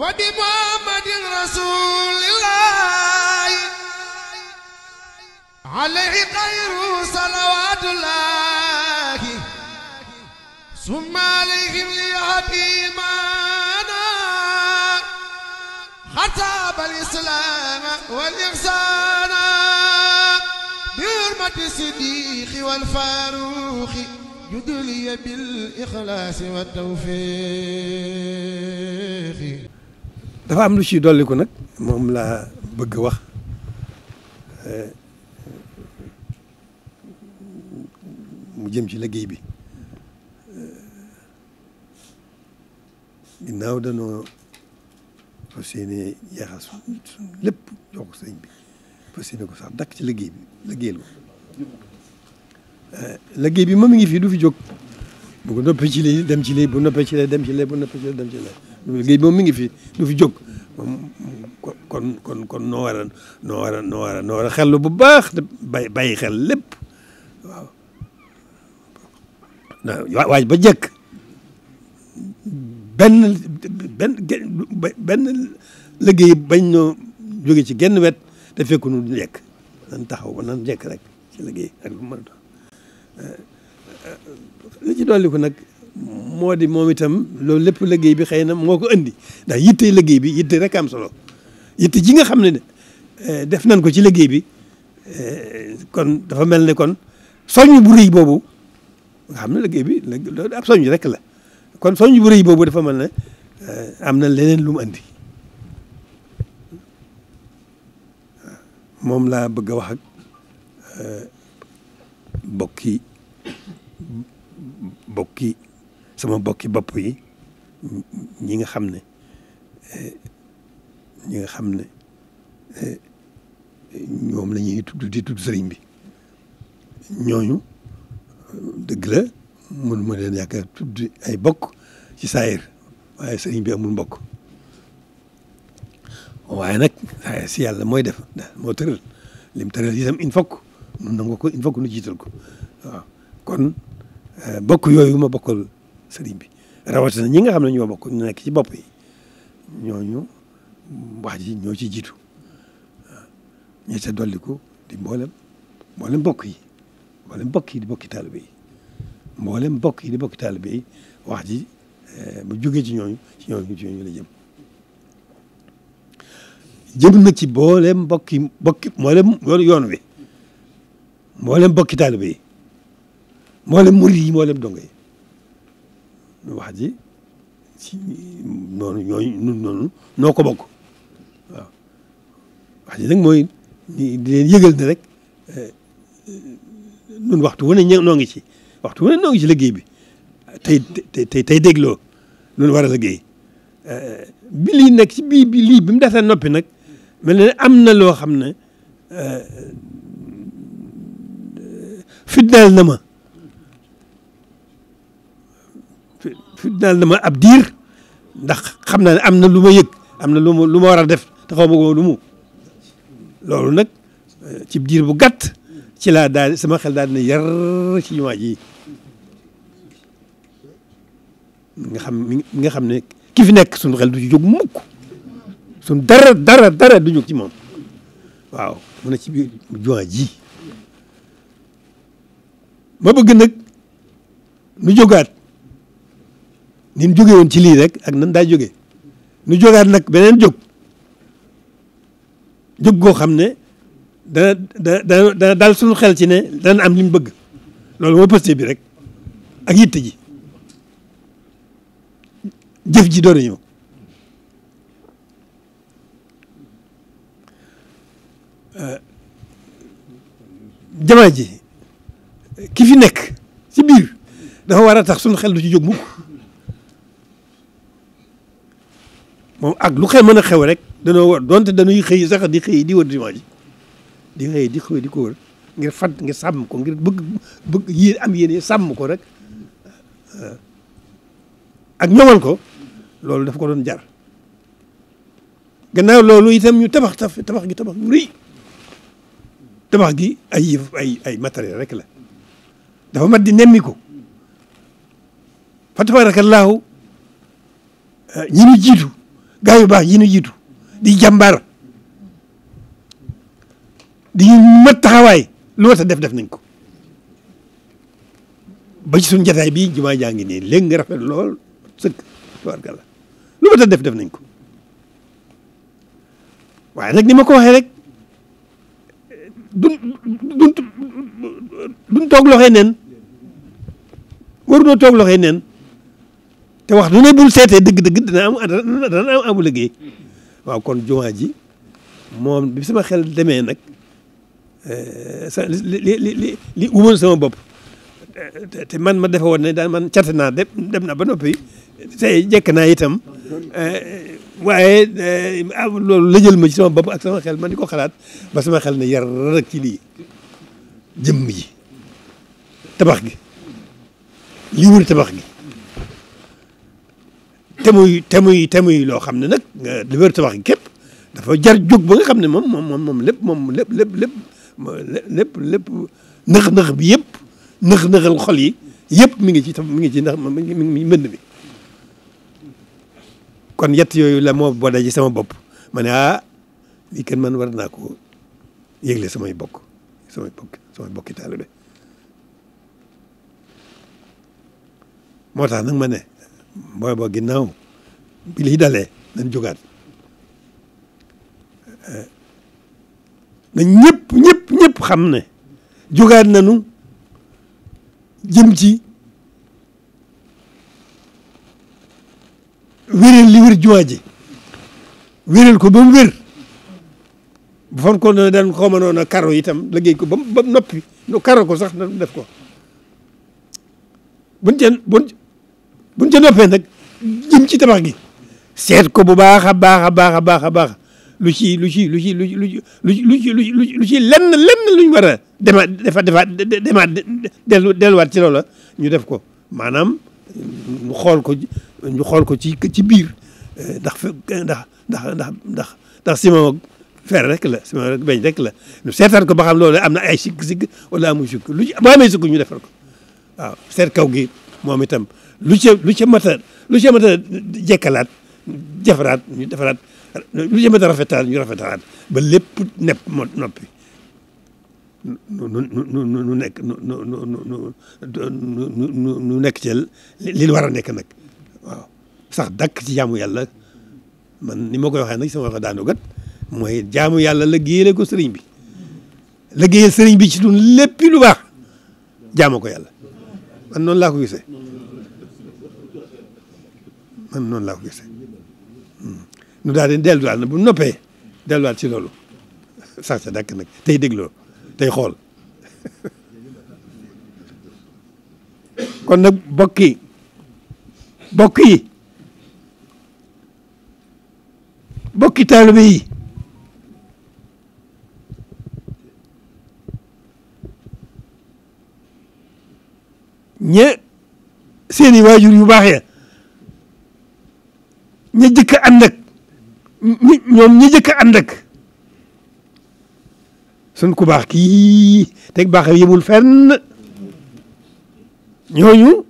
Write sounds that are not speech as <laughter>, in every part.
wa bi muhammadin rasulillahi alayhi xayru salawatullahi summa alayhim li yatimana xatab al islam wal ihsana bi hurmati siddiqi wal faruqi judliya bil ikhlasi wat tawfiqi dafa am lu ci ko nag moom laa bëgg wax eh, mu jëm ci liggéey bi eh, ginnaaw danoo fas yéene jeexal suñ lépp jox ko sëñ bi fas ko sax dakk ci liggéey bi liggéeyal ko eh, liggéey bi moom mu ngi fii du fi jóg bu ko noppee ci lii dem ci lii bu noppee ci lee dem ci lee bu noppee ci lee dem ci lee liggéey moom mi ngi fi du fi jóg kon kon kon noo war a noo war a noo bu baax te bay xel lépp waaw waaj ba jekk benn benn benn bañ noo jóge ci genn wet te fekku nu jekk nan taxaw ba nan jekk rek ci liggéey ak lu mën li ci dolli ko nag moo di moom itam loolu lépp liggéey bi xëy na moo ko indi ndax yitte liggéey bi yitte rek am solo yitte ji nga xam ne eh, def nañ ko ci liggéey bi eh, kon dafa mel ne kon soññ bu rëy boobu xam ne liggéey bi loolu ab soññ rek la kon soññ bu rëy boobu dafa mel ne eh, am na leneen lum mu indi moom laa bëgg a wax ak bokki bokki sama bokki bopp yi ñi nga xam ne eh, ñi nga xam ne eh, ñoom la ñuy tudd di tudd sëriñ bi ñooñu dëgg la mun ma leen yaakaar tudd ay bokk ci saayir waaye sëriñ bi amul mbokk waaye nag si yàlla mooy def moo tëral lim tëral itam il faut nun nangu ko il faut nu jiital ko kon eh, bokk yooyu ma bokk sëriñ bi rawatina ñi nga xam ne ñoo bokk ñu nekk ci bopp yi ñooñu wax ji ñoo ci jiitu ña ca dolliku di mboolem mboolem bokk yi mboolem bokk yi di bokki taalibe yi mboolem bokk yi di bokki taalibe yi wax ji eh, bu jógee ci ñooñu ci ñooñu ci la jëm jëm na ci mboolem bokki bokki mboolem yoon wi moolem bokki taalibe yi mboolem murid yi mboolem dongo yi wax ji ci noonu ñooñu ñun noonu noo ko bokk waaw ji nag mooy di leen yëgal ne eh, waxtu wu ne noo ngi ci waxtu wu ne noo ngi ci liggéey bi tey tey tey dégloo lu ñu war a liggéey eh, bi lii nekk ci bii bi lii bi mu noppi nag mel ne am na loo xam ne eh, fitnaal na ma fitnaal na ma ab diir ndax xam naa ne am na lu ma yëg am na lu ma lu war a def te xaw ma ko lu mu loolu nag eh, ci diir bu gàtt ci la daal sama xel daal dina yar ci nga xam xam ne ki fi nekk suñu xel du ci jóg mukk suñu dara dara dara du jóg ci moom waaw mu ci biir ji ma bëgg nag nu jógaat ni mu jóge woon ci lii rek ak nan daa jóge nu jógaat nag beneen jóg jóg goo xam ne dana dana dana daal suñu xel ci ne dana am li mu bëgg loolu moo posté bi rek ak yitte ji jëf ji doon ñëw euh, jamaa ji ki fi nekk ci biir dafa war a tax suñu xel du ci jóg mukk moom ak lu xëy mën a xew rek danoo war donte dañuy xëy sax di xëy di war jumaa ji di xëy di xëy di ko wër ngir fàtt ngir sàmm ko ngir bëgg bëgg yéen am yéene sàmm ko rek ak ñoŋal ko loolu daf ko doon jar gannaaw loolu itam ñu tabax taf tabax gi tabax yu tabax gi ay yëf ay ay matériel rek la dafa mat di nemmi ko fa tabarakallahu ñi ñu jiitu gaa baax yi nu jiitu di jàmbaar di mat taxawaay lu war def def nañ ko ba ci suñu jataay bii jumaa jaa ngi nii léegi nga rafet lool sëkk tubaarkàlla lu mat a def def nañ ko waaye nag ni ma ko waxee rek duñ duñ duñ toog loxee neen waruñoo toog loxe neen te wax du ne buñ seetee dëgg-dëgg dana am dana am amu liggéey waaw kon jumaa ji moom bi sama xel demee nag eh, sa li li li li sama bopp te man ma defe woon ne daal man cat naa dem dem na ba noppi tey jekk naa itam eh, waaye eh, ah, loolu lëjal ma ci sama bopp ak sama xel man di ko xalaat ba ma xel ne yar rek ci lii jëmm ji tabax gi li wër tabax gi te muy te muy te muy loo xam ne nag li wër tabax gi képp dafa jar jóg ba nga xam ne moom moom moom lépp moom lépp lépp lépp lépp lépp nëx-nëx bi yëpp nëx-nëxal yi yëpp mi ngi ci mi ngi ci ndax mi ngi mi ngi mbënd bi kon yett yooyu la moo boole ci sama bopp mane ne ah lii kenn man war naa ko yëgle samay bokk samay bokk samay bokki taalibe moo tax nag ma ne. booy boo ginnaaw bi lii dale nañ jógaat na ñëpp ñëpp ñëpp xam ne jógaat nañu jëm ci wéréel li wér jumaa ji wéréel ko ba mu wér bu fon ko ne daan xaw ma noon a karo itam ko ba ba noppi nu karo ko sax na def ko buñ ceen buñ buñ ca noppee nag jëm ci tabax gi seet ko bu baax a baax a baax a baax a baax lu ci lu ci lu ci lu ci lu ci lu ci lu ci lu ci lenn lenn luñ war a dema defa defaat demaat dellu delluwaat ci loola ñu def ko maanaam ñu xool ko ñu xool ko ci ci biir eh, ndax ndax ndax ndax ndax ndax ciment ak fer rek la ciment rek beñ rek la ñu seetaat ko ba xam loolu am na ay sikk sikk wala amuñ sikk lu ci boo amee sikk ñu defar ko waaw seet kaw gi moom itam lu ca lu ca mat lu ca mat a jekkalaat defaraat ñu defaraat lu ca mat rafetaat ñu rafetalaat ba lépp nepp moo noppi nu nekk nu nu nu nu nekk ci war a nekk nag waaw sax dakk ci jaamu yàlla man ni ma koy waxee nag sama wax daanu gat mooy jaamu yàlla liggéeyale ko sëriñ bi liggéeyal sëriñ bi ci dun léppi lu baax jaamu ko man noonu laa ko gisee man noonu laa ko gisee hmm. nu daal di delluwaat bu noppee delluwaat ci loolu <laughs> sax sa dàkk nag tey dégloo tey xool <laughs> kon nag bokk yi bokki taalibe yi ñe seeni waajur yu baax ñi jëkk a ànd ak ñi ñoom ñi jëkk a ànd ak ku baax kii teg baax yëmul fenn ñooñu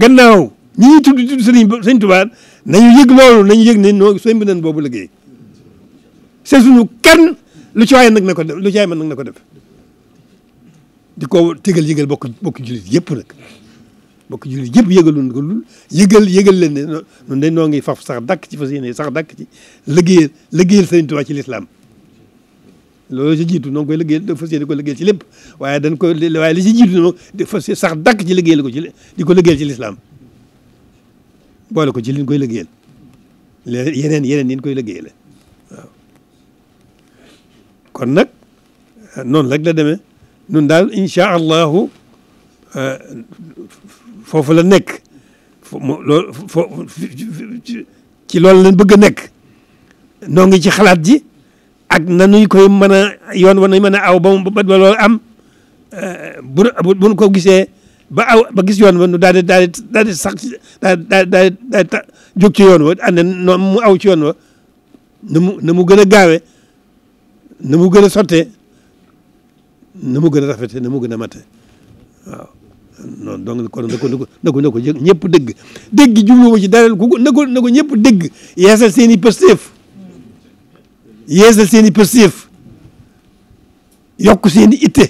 gannaaw ñi ñuy tudd tudd sëriñ sëñ Tuubaa nañu yëg loolu nañu yëg ne noo sëñ bi nañ boobu liggéey c'est suñu kenn lu ci waaye nag na ko def nag na ko def di ko tegal yëgal bokk bokk jullit yëpp bokk jullit yëpp yëgaluñ ko lul yëgal yëgal leen ne noonu dañ noo ngi faf sax dàkk ci fas yéene sax dàkk ci liggéeyal liggéeyal Sëriñ Tuubaa ci lislaam loolu jiitu noo koy liggéeyal fas yéene ko ci lépp waaye dañ ko waaye li ci jiitu nag fas sax dàkk ci liggéeyal ko ci di ko liggéeyal ci lislaam ko ci liñ koy liggéeyal yeneen yeneen yin koy liggéeyal waaw kon nag noonu rek la demee nun daal incha allahu euh, foofu la nekk loolu ci loolu lañ bëgg a nekk noo ngi ci xalaat ji ak nanuy koy mën yoon wa nañ mën a aw ba ba am bu ko gisee ba aw ba gis yoon wa nu daal di daal di yoon wa ànd noo mu aw ci yoon wa na mu mu gën a gaawe na mu gën a sotte na mu gën a rafete na gën a mate noonu donc kon na ko na ko na ko ñëpp dégg dégg jubluwuma ci dara ku na ko na ko ñëpp dégg yeesal seen i pësteef yeesal seen i pësteef yokk seen i itte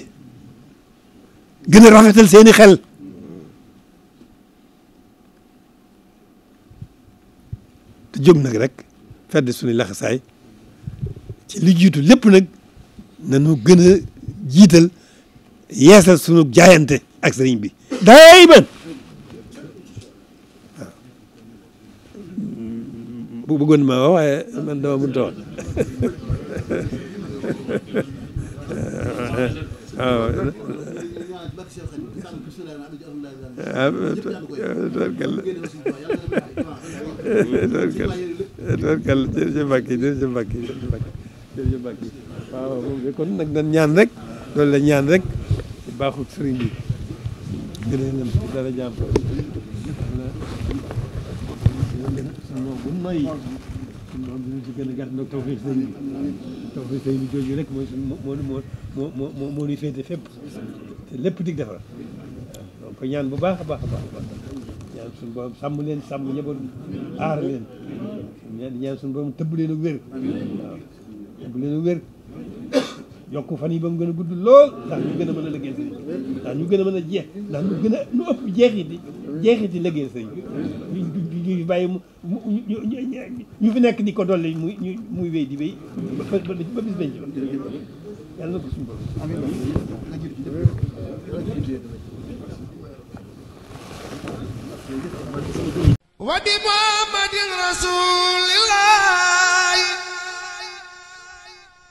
gën a rafetal seen i xel te jóg nag rek fedd suñu laxasaay ci li jiitu lépp nag nanu gën a jiital yeesal sunu jaayante ak sëriñ bi dayman bu bëggoon ma wax waaye man dama mënta wax waaw jërëjëf Mbacke jërëjëf Mbacke jërëjëf Mbacke waaw kon nag nan ñaan rek loolu la ñaan rek baaxul sëriñ bi ngëneelam ci dara jàmm suñu bu noyyi suñu borom gën a gàtt nag tawfeex sëñ bi tawfeex sëñ bi rek mooy suñu moo moo moo moo moo ñuy lépp dig defar ñaan bu baax a baax a sàmm leen sàmm njaboot aar leen ñaan suñu borom tëbb leen a wér leen a yokk fan yi ba mu gën a gudd lool ndax ñu gën a mën a liggéey sëriñ ndax ñu gën a mën a jeex ndax ñu gën a ñu ëpp jeexiti jeexiti liggéey sëriñ ñu ñu bàyyi mu ñu fi nekk di ko dolli muy muy wéy di wéy ba bis bañ ci yàlla na ko suñu borom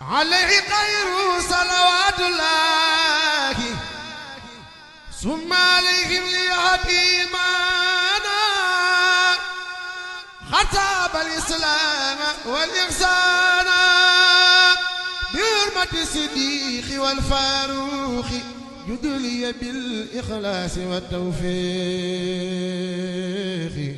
عليه خير صلوات الله ثم عليهم ليتيمانا خطاب الإسلام والإحسان بحرمة الصديق والفاروق يدلي بالإخلاص والتوفيق